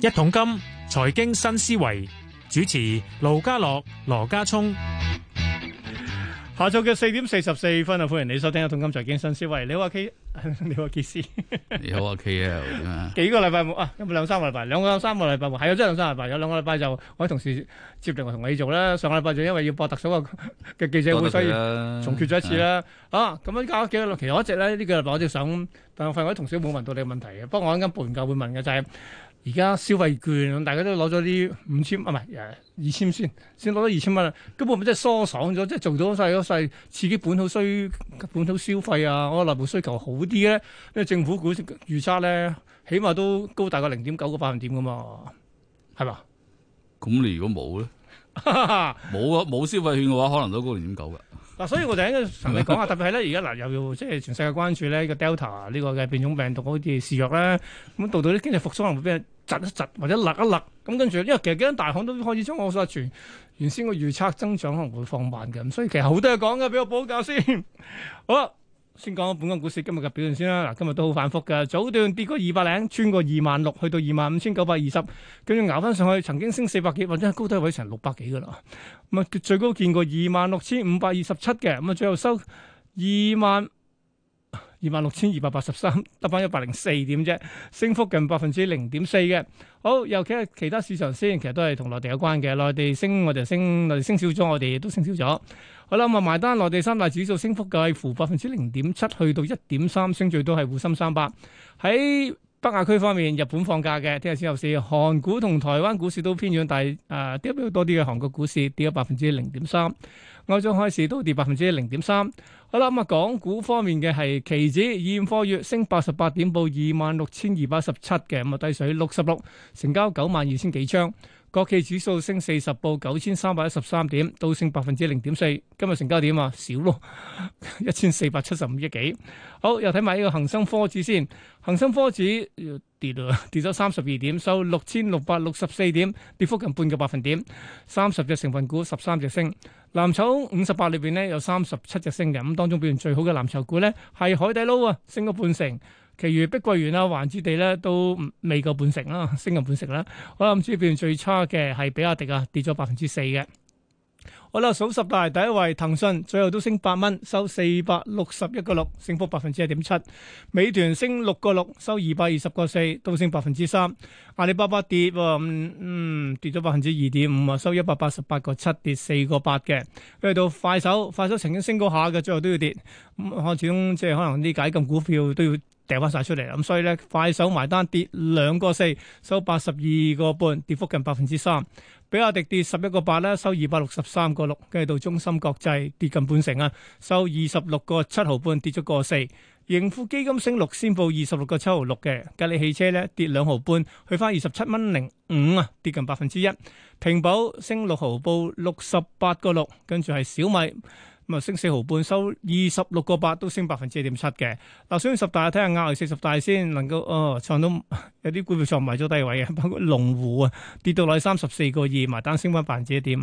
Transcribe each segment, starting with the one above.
一桶金財經新思維，主持盧家樂、羅家聰。下晝嘅四點四十四分啊！歡迎你收聽《一桶金財經新思維》。你好阿 K，你好傑斯。你好阿 K 啊！幾個禮拜冇啊？有冇兩三個禮拜？兩個三個禮拜冇。係啊，真係兩三個禮拜。有兩個禮拜就我啲同事接嚟我同你做啦。上個禮拜就因為要播特首嘅記者會，所以重缺咗一次啦。啊，咁樣搞幾多個？其實我一直咧呢個禮拜我就想，但係發現啲同事冇問到你嘅問題嘅。不過我一陣間半個會問嘅就係。而家消費券，大家都攞咗啲五千啊，唔係誒二千先，先攞咗二千蚊啦。根本唔會即係疏爽咗，即係做到曬嗰曬刺激本土需本土消費啊。我內部需求好啲咧，因為政府估預測咧，起碼都高大過零點九個百分點噶嘛，係嘛？咁你如果冇咧，冇啊！ 冇消費券嘅話，可能都高零點九噶。嗱， 所以我哋應該同你講下，特別係咧而家嗱，又要即係全世界關注咧呢個 Delta 呢個嘅變種病毒，啲嘅試藥咧，咁到到啲經濟復甦可能會俾人窒一窒或者勒一勒。咁跟住，因為其實幾間大行都開始將我實傳原先個預測增長可能會放慢嘅，咁所以其實好多嘢講嘅，俾我補教先，好啦。先講本港股市今日嘅表現先啦。嗱，今日都好反覆㗎，早段跌過二百零，穿過二萬六，去到二萬五千九百二十，跟住熬翻上去，曾經升四百幾，或者高低位成六百幾㗎啦。咁啊，最高見過二萬六千五百二十七嘅，咁啊，最後收二萬，二萬六千二百八十三，得翻一百零四點啫，升幅近百分之零點四嘅。好，尤其係其他市場先，其實都係同內地有關嘅。內地升我哋升，內地升少咗，我哋亦都升少咗。好啦，咁啊埋單，內地三大指數升幅計乎百分之零點七，去到一點三，升最多係滬深三百喺。北亞區方面，日本放假嘅，聽日先入市。韓股同台灣股市都偏軟，但係誒，跌幅多啲嘅韓國股市跌咗百分之零點三，開張開市都跌百分之零點三。好啦，咁、嗯、啊，港股方面嘅係期指現貨月升八十八點，報二萬六千二百十七嘅，咁啊，低水六十六，成交九萬二千幾張。國企指數升四十，報九千三百一十三點，都升百分之零點四。今日成交點啊，少咯，一千四百七十五億幾。好，又睇埋呢個恒生科指先，恒生科指跌啊，跌咗三十二點，收六千六百六十四點，跌幅近半個百分點。三十隻成分股，十三隻升，藍籌五十八裏邊咧有三十七隻升嘅，咁當中表現最好嘅藍籌股咧係海底撈啊，升咗半成。其餘碧桂園啦、啊、環之地咧都未夠半成啦，升入半成啦。好、嗯、啦，咁呢邊最差嘅係比亞迪啊，跌咗百分之四嘅。好啦，數十大第一位騰訊，最後都升八蚊，收四百六十一個六，升幅百分之一點七。美團升六個六，收二百二十個四，都升百分之三。阿里巴巴跌嗯，嗯，跌咗百分之二點五啊，收一百八十八個七，跌四個八嘅。去到快手，快手曾經升過下嘅，最後都要跌咁。我、嗯、始終即係可能啲解禁股票都要。掉翻晒出嚟咁所以咧快手埋單跌兩個四，收八十二個半，跌幅近百分之三。比亞迪跌十一個八咧，收二百六十三個六。跟住到中芯國際跌近半成啊，收二十六個七毫半，跌咗個四。盈富基金升六先報二十六個七毫六嘅，吉利汽車咧跌兩毫半，去翻二十七蚊零五啊，跌近百分之一。平保升六毫報六十八個六，跟住係小米。咁啊，升四毫半，收二十六個八，都升百分之一點七嘅嗱。相對於十大啊，睇下亞係四十大先能夠哦，唱到有啲股票唱埋咗低位啊，包括龍湖啊，跌到落三十四個二埋單，升翻百分之一點五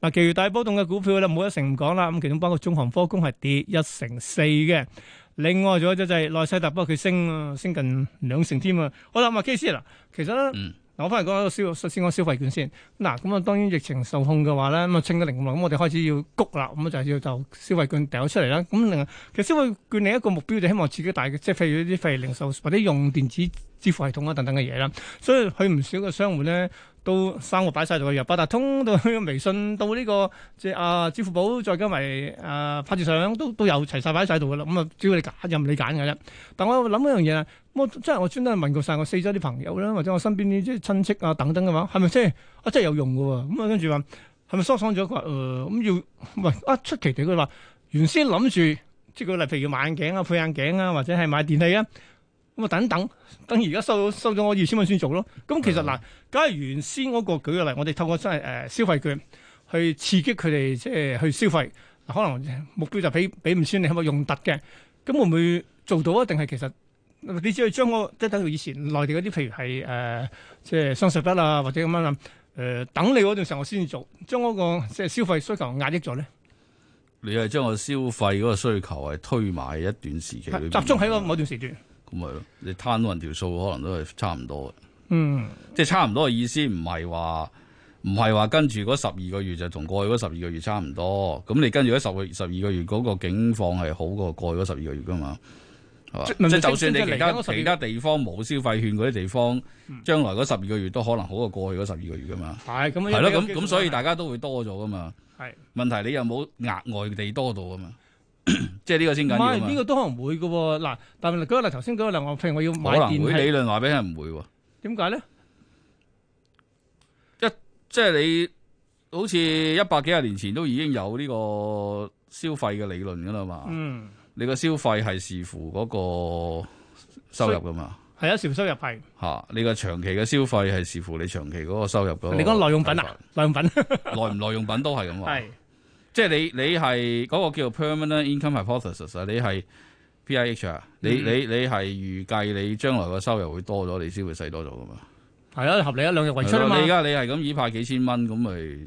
嗱。其餘大波動嘅股票咧，冇一成唔講啦。咁其中包括中航科工係跌一成四嘅，另外仲有一隻就係內西特，不過，佢升啊，升近兩成添啊。好啦，阿 KC 啦，其實。攞我翻嚟講個消，先講消費券先。嗱，啊，咁啊當然疫情受控嘅話咧，咁啊清得零，咁我哋開始要谷啦，咁就係要就消費券掉出嚟啦。咁另外其實消費券另一個目標就希望自己大嘅，即係譬如啲費零售或者用電子支付系統啊等等嘅嘢啦。所以佢唔少嘅商戶咧。都生活擺晒度入去，八達通到呢個微信到呢、呢個即係啊支付寶，再加埋啊、呃、拍住相都都有齊晒擺晒度噶啦。咁、嗯、啊，只要你揀任你理揀嘅啫。但我諗一樣嘢啊，我即係我專登問過晒我四周啲朋友啦，或者我身邊啲即係親戚啊等等嘅話，係咪先啊真係有用嘅喎？咁、嗯呃、啊跟住話係咪疏疏咗佢誒咁要喂啊，出奇地佢話原先諗住即係佢例如要買眼鏡啊、配眼鏡啊，或者係買電器啊。咁啊，等等，等而家收到收咗我二千蚊先做咯。咁其實嗱，梗係、嗯、原先嗰個舉個例，我哋透過即係誒消費券去刺激佢哋即係去消費。可能目標就俾俾五千，你係咪用得嘅？咁會唔會做到啊？定係其實你只係將我即係等於以前內地嗰啲，譬如係誒、呃、即係雙十一啊，或者咁樣諗誒、呃、等你嗰段時候先做，將嗰、嗰個即係消費需求壓抑咗咧？你係將個消費嗰個需求係推埋一段時期裏邊，集中喺個某段時段。咁咪咯，你攤人條數可能都係差唔多嘅。嗯，即係差唔多嘅意思，唔係話唔係話跟住嗰十二個月就同過去嗰十二個月差唔多。咁你跟住嗰十個月、十二個月嗰個境況係好過過去嗰十二個月噶嘛？即，吧即就算你其他其他地方冇消費券嗰啲地方，將來嗰十二個月都可能好過過去嗰十二個月噶嘛？係咁係咯，咁、嗯、咁所以大家都會多咗噶嘛？係的問題你又冇額外地多到啊嘛？ 即係呢個先緊要呢邊、呢個都可能會噶，嗱，但係嗰個，嗱，頭先嗰個，嗱，譬如我要買電器，理論話俾人唔會喎，點解咧？一即係你好似一百幾十年前都已經有呢個消費嘅理論噶啦嘛，嗯，你個消費係視乎嗰個收入噶嘛，係啊、嗯，視乎收入係，吓，你個長期嘅消費係視乎你長期嗰個收入嗰，你講耐用品啊，耐用品，耐唔耐用品都係咁啊，係。即係你你係嗰個叫做 permanent income hypothesis 啊，你係 P I H 啊、嗯，你你你係預計你將來個收入會多咗，你先會使多咗噶嘛？係啊、嗯，合理啊，量入為出啊嘛！你而家你係咁以派幾千蚊，咁咪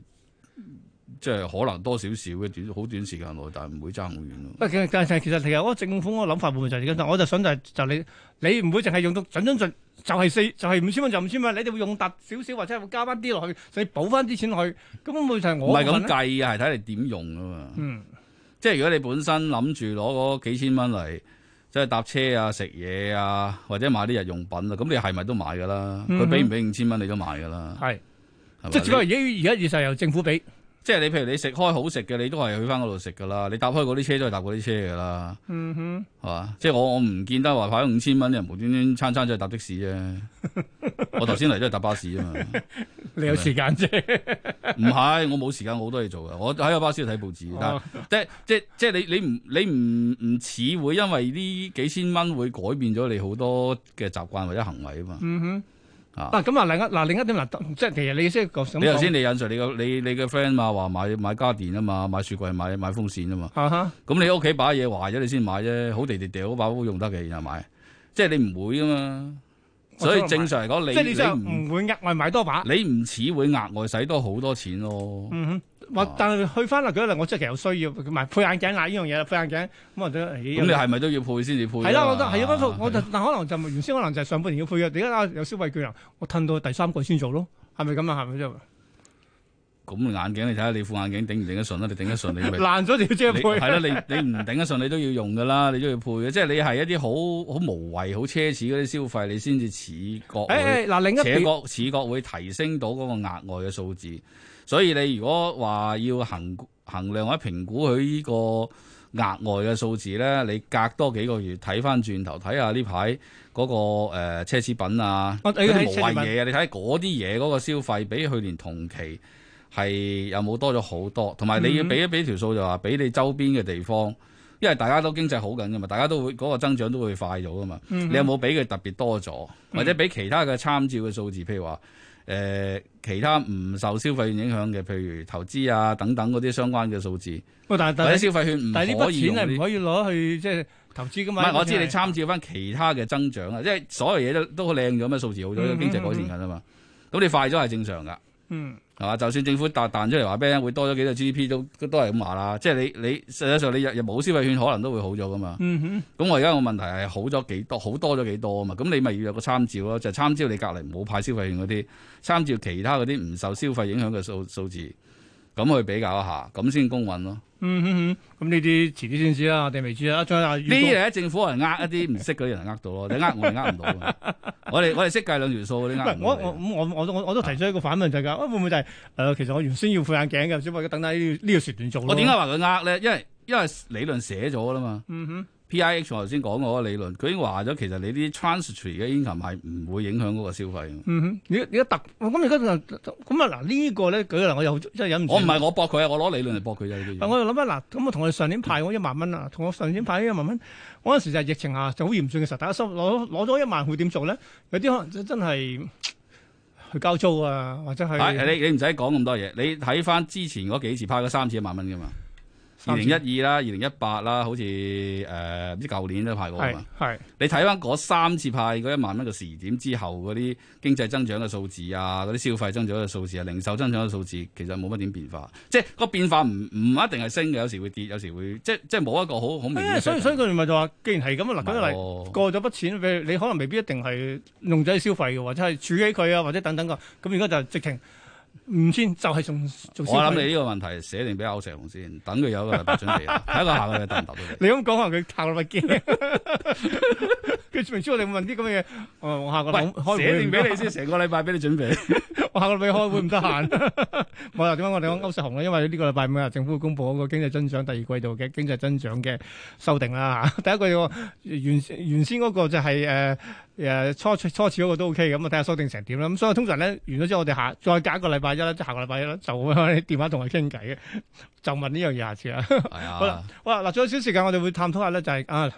即係可能多少少嘅好短時間內，但係唔會爭好遠咯。但，其實其實其政府個諗法部分就係、是、咁？我就想就係、是、就你你唔會淨係用到準準準。就係四，就係五千蚊就五千蚊。你哋會用突少少，或者會加翻啲落去，所以補翻啲錢去。根本就係我唔係咁計，係睇你點用啊嘛。嗯，即係如果你本身諗住攞嗰幾千蚊嚟，即係搭車啊、食嘢啊，或者買啲日用品啊，咁你係咪都買㗎啦？佢俾唔俾五千蚊，你都買㗎啦。係，即係而家而家事實由政府俾。即係你譬如你食開好食嘅，你都係去翻嗰度食噶啦。你搭開嗰啲車都係搭嗰啲車噶啦。嗯哼，係嘛？即係我我唔見得話，擺五千蚊人無端端餐餐都係搭的士啫。 我頭先嚟都係搭巴士啊嘛。 你有時間啫？ 唔係， 我冇時間，我好多嘢做㗎。我喺個巴士度睇報紙。哦、但係即即即你你唔你唔唔似會因為呢幾千蚊會改變咗你好多嘅習慣或者行為啊嘛。嗯哼。嗱咁啊,啊，另一嗱、啊、另一點嗱，即係其實你先個想你頭先你引述你個你你個 friend 嘛話買買家電啊嘛，買雪櫃買買風扇啊嘛，咁、uh huh. 你屋企把嘢壞咗你先買啫，好地地掉把好,的的好,好,好用得嘅，然後買，即係你唔會啊嘛，所以正常嚟講你、啊啊啊啊啊、你唔你會額外買多把，你唔似會額外使多好多錢咯，um hmm. 但係去翻嗱，佢可能我真係其實有需要，唔係配眼鏡啊呢樣嘢啦，配眼鏡咁或者起咁你係咪都要配先至配？係啦，我都係我就，但可能就原先可能就上半年要配嘅，而家有消費券啊，我褪到第三季先做咯，係咪咁啊？係咪先？咁眼鏡你睇下你副眼鏡頂唔頂得順啦？你頂得順你爛咗就要即係配係啦，你你唔頂得順你都要用噶啦，你都要配嘅，即係你係一啲好好無謂、好奢侈嗰啲消費，你先至刺激誒嗱另一，刺激刺激會提升到嗰個額外嘅數字。所以你如果話要衡衡量或者評估佢呢個額外嘅數字咧，你隔多幾個月睇翻轉頭，睇下呢排嗰個、呃、奢侈品啊，無謂嘢啊，你睇嗰啲嘢嗰個消費比去年同期係有冇多咗好多？同埋你要俾一俾條數就話，比你周邊嘅地方，因為大家都經濟好緊㗎嘛，大家都會嗰、嗰個增長都會快咗㗎嘛。嗯、哼你有冇俾佢特別多咗，或者俾其他嘅參照嘅數字，譬如話，誒，其他唔受消費券影響嘅，譬如投資啊等等嗰啲相關嘅數字。但係是消費券唔可以用。但係呢筆錢係唔可以攞去即係、就是、投資㗎嘛？唔係是，我知你參照翻其他嘅增長啊，的即係所有嘢都都好靚咗，咩數字好咗，經濟改善緊啊嘛。咁你快咗係正常㗎。嗯，係嘛？ 就算政府彈彈咗嚟話咩，會多咗幾多 GDP 都都係咁話啦。即係你你實際上你日日冇消費券，可能都會好咗噶嘛。嗯哼。咁 我而家個問題係好咗幾多，好多咗幾多啊嘛？咁你咪要有個參照咯，就係參照你隔籬唔好派消費券嗰啲，參照其他嗰啲唔受消費影響嘅數數字。咁去比較一下，咁先公允咯。嗯嗯嗯，咁呢啲遲啲先知啦，我哋未知啦。將呢啲係政府人呃一啲唔識嗰啲人呃到咯， 你呃我，你呃唔到。我哋 我哋識計兩條數你呃唔到。我我我我我都提出一個反問就係：噶、啊、會唔會就係、是、誒、呃？其實我原先要副眼鏡嘅，只不過等等呢個時段做。我點解話佢呃咧？因為因為理論寫咗啦嘛。嗯哼。P.I.H. 我頭先講嗰個理論，佢已經話咗其實你啲 transitory 嘅 income 係唔會影響嗰個消費。嗯哼，你而家特，咁而家就咁啊嗱，呢個咧，舉例我又真係忍唔住。我唔係我駁佢、嗯、啊，我攞理論嚟駁佢啫。但係我又諗下，嗱，咁我同佢上年派我一萬蚊啊，同、嗯、我上年派一萬蚊，嗰陣時就係疫情下就好嚴重嘅時候，大家收攞攞咗一萬，會點做咧？有啲可能真係去交租啊，或者係、哎。你你唔使講咁多嘢，你睇翻之前嗰幾次派咗三次一萬蚊㗎嘛。二零一二啦，二零一八啦，2012, 2018, 好似誒唔知舊年都派過啊嘛。係你睇翻嗰三次派嗰一萬蚊嘅時點之後，嗰啲經濟增長嘅數字啊，嗰啲消費增長嘅數字啊，零售增長嘅數字，其實冇乜點變化。即係個變化唔唔一定係升嘅，有時會跌，有時會，有時會即係即係冇一個好好明顯。所以所以佢哋咪就話，既然係咁啊，嗱咁嚟過咗筆錢，譬如你可能未必一定係用咗消費嘅，或者係儲起佢啊，或者等等嘅。咁而家就直情。唔千就係仲仲，我諗你呢個問題寫定俾歐石雄先，等佢有一個禮拜準備，睇下個下個禮拜答唔答到你。你咁講下，佢靠得不驚，佢明知我哋問啲咁嘅嘢，我下個禮喂開會寫定俾你先，成 個禮拜俾你準備。 我下個禮拜開會唔得閒。冇啦，點解我哋講歐石雄咧？因為呢個禮拜五日政府公布嗰個經濟增長第二季度嘅經濟增長嘅修訂啦。第一個原原先嗰個就係誒誒初初始嗰個都 OK 咁，睇下修訂成點啦。咁所以通常咧完咗之後我，我哋下再隔一個禮拜。拜一啦，下個禮拜一啦，就開電話同佢傾偈嘅，就問呢樣嘢，下次、就是、啊。好啦，哇，嗱，仲有少時間，我哋會探討下咧，就係啊，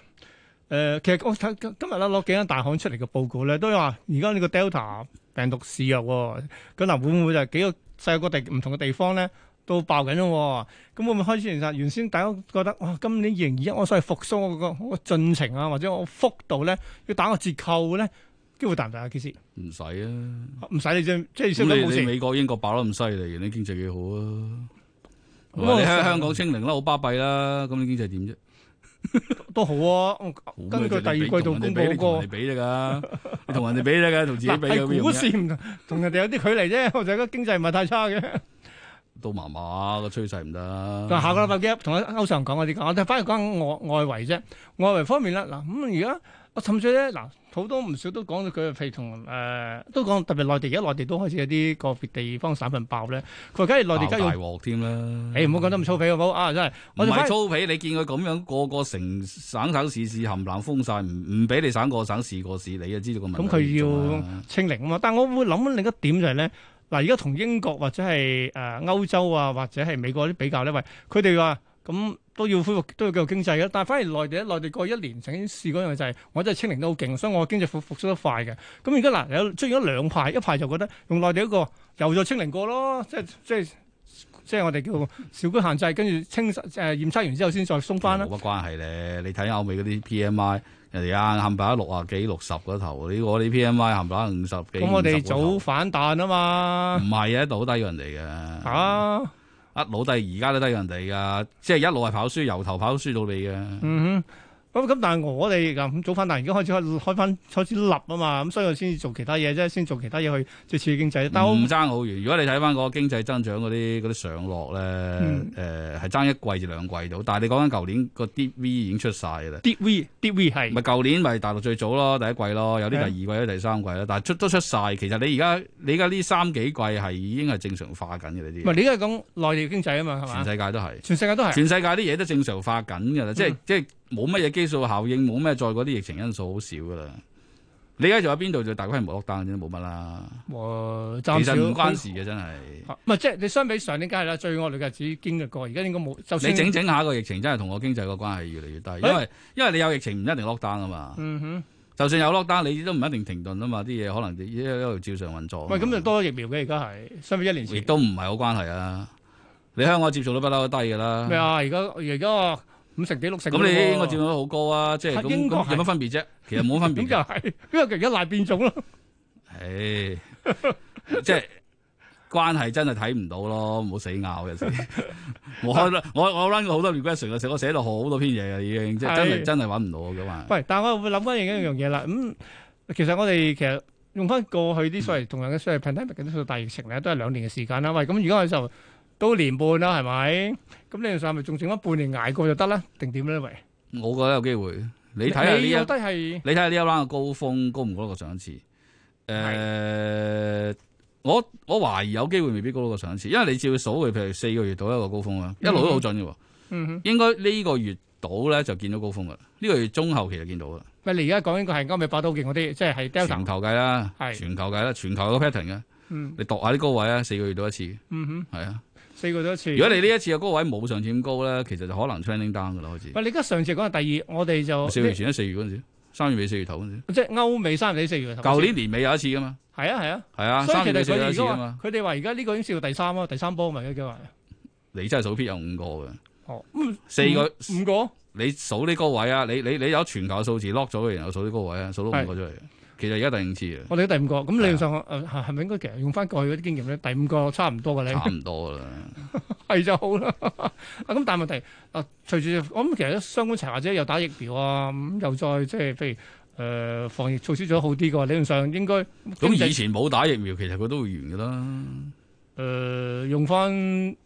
誒，其實我睇今日咧攞幾間大行出嚟嘅報告咧，都話而家呢個 Delta 病毒肆虐，哦，咁嗱會唔會就係幾個世界各地唔同嘅地方咧都爆緊咯，哦？咁會唔會開始，其實原先大家覺得哇，今年二零二一我所謂復蘇嗰個進程啊，或者我幅度咧要打個折扣咧？機會彈大啊！其實唔使啊，唔使你啫，即係好似美國、英國爆得咁犀利，人哋經濟幾好啊？香港清零啦，好巴閉啦，咁你經濟點啫？都好啊，根據第二季度公布嗰個同人哋比啦，同人哋比啦，噶同自己比。係股市唔同，同人哋有啲距離啫，我就覺得經濟唔係太差嘅，都麻麻個趨勢唔得。但下個禮拜幾，同阿歐尚講我哋講，我哋反而講外外圍啫，外圍方面啦，嗱咁而家。啊！甚至咧，嗱，好多唔少都講到佢譬如同誒，都講特別內地，而家內地都開始有啲個別地方省份爆咧。佢話梗係，內地梗大鑊添啦！你唔好講得咁粗鄙好唔好？啊，真係唔粗鄙？你見佢咁樣個個城省省市市冚冷封晒，唔唔俾你省個省市個市，你就知道個問題咁？佢要清零啊嘛！但係我會諗另一點就係咧，嗱，而家同英國或者係誒歐洲啊，或者係美國啲比較咧，喂，佢哋話。咁、嗯、都要恢復，都要繼續經濟嘅。但係反而內地喺內地過一年，曾經試過一樣就係我真係清零得好勁，所以我經濟復復甦得快嘅。咁而家嗱，有出現咗兩派，一派就覺得用內地嗰個又再清零過咯，即係即係即係我哋叫小規模限制，跟住清誒、呃、驗測完之後先再鬆翻啦。冇乜、嗯、關係咧，你睇歐美嗰啲 PMI，人哋啊冚唪唥六啊幾六十嗰頭，你、嗯、我啲 PMI 冚唪唥五十幾五十個頭。咁我哋早反彈啊嘛，唔係啊，都好低過人哋、啊、嘅。嚇、嗯！阿老弟而家都得人哋噶，即係一路係跑輸，由頭跑輸到你嘅。嗯哼。咁咁、嗯，但係我哋咁早翻，但係而家開始開始開翻，開始，開始立啊嘛，咁所以先做其他嘢啫，先做其他嘢去接住經濟。但係我唔爭好遠，如果你睇翻嗰個經濟增長嗰啲嗰啲上落咧，誒係爭一季至兩季到。但係你講緊舊年個 deep V 已經出曬啦。deep V deep V 係咪舊年咪大陸最早咯，第一季咯，有啲第二季咧，是第三季咧，但係出都出晒。其實你而家你而家呢三幾季係已經係正常化緊嘅啦啲。唔係你而家係講內地經濟啊嘛，係嘛？全世界都係，全世界都係，全世界啲嘢都正常化緊㗎啦，即係、嗯、即係。冇乜嘢基數效應，冇咩再嗰啲疫情因素，好少噶啦。你而家仲有邊度就大規模落單啫？冇乜啦。哇，其實唔關事嘅，真係。唔係即係你相比上年梗係啦，最惡劣嘅日子經歷過，而家應該冇。就算你整整下個疫情，真係同我經濟個關係越嚟越低，因為因為你有疫情唔一定落單啊嘛。嗯哼。就算有落單，你都唔一定停頓啊嘛，啲嘢可能一路照常運作。咁就多咗疫苗嘅，而家係相比一年前，亦都唔係好關係啊。你香港接觸都不嬲都低噶啦。咩啊？而家而家。五成幾六成咁你應該佔到好高啊！即係咁有乜分別啫？其實冇分別。咁就係因為佢而家賴變種咯。誒，即係關係真係睇唔到咯，唔好死拗嘅，我我我 run 過好多 regression 嘅時候，我寫到好多篇嘢嘅已經，即係真係真係揾唔到嘅嘛。喂，但係我又會諗翻另一樣嘢啦。咁其實我哋其實用翻過去啲所謂同樣嘅所謂 pandemic 啲數大疫情咧，都係兩年嘅時間啦。喂，咁而家就。都年半啦，係咪？咁你上咪仲剩翻半年捱過就得啦，定點咧？喂，我覺得有機會。你睇下呢一，也也你睇下呢一 round 嘅高峰高唔高得過上一次？誒、呃是，我我懷疑有機會未必高得過上一次，因為你照所謂譬如四個月到一個高峰啊，一路都好準嘅、嗯。嗯哼，應該呢個月到咧就見到高峰噶啦，呢、這個月中後期就見到啦。咪你而家講呢個係歐美八刀勁嗰啲，即係係。全球計啦，係全球計啦，全球有 pattern 嘅。嗯、你度下啲高位啊，四個月到一次。係啊、嗯。嗯四個多次，如果你呢一次嘅高位冇上次咁高咧，其實就可能 trending down 嘅啦。好似喂，你而家上次講係第二，我哋就四月前咧，四月嗰陣時，三月尾四月頭嗰陣，即係歐美三月尾四月頭。舊年年尾有一次噶嘛？係啊，係啊，係啊，三月尾有一次噶嘛？所以其實佢哋話而家呢個已經試到第三咯，第三波咪而家話真係數 P 有五個嘅哦，四個五個，你數呢個位啊，你你你有全球數字 lock 咗嘅然後我數呢個位啊，數到五個出嚟。其實而家第五次啊，我哋第五個，咁理論上誒係咪應該其實用翻過去啲經驗咧？第五個差唔多嘅你差唔多啦，係 就好啦、 啊。啊，咁但係問題誒，隨住我諗，其實相關策或者又打疫苗啊，咁又再即係譬如誒、呃、防疫措施做得好啲嘅，理論上應該咁、嗯、以前冇打疫苗，其實佢都會完噶啦。誒、呃，用翻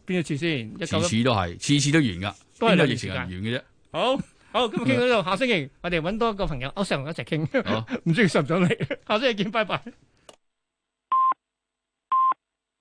邊一次先？次次都係，次次都完噶，當然啦，疫情係唔完嘅啫。好。好、哦，今日傾到呢度，下星期我哋揾多個朋友， 歐成龍一齊傾，唔知蝕唔蝕你。 下星期見，拜拜。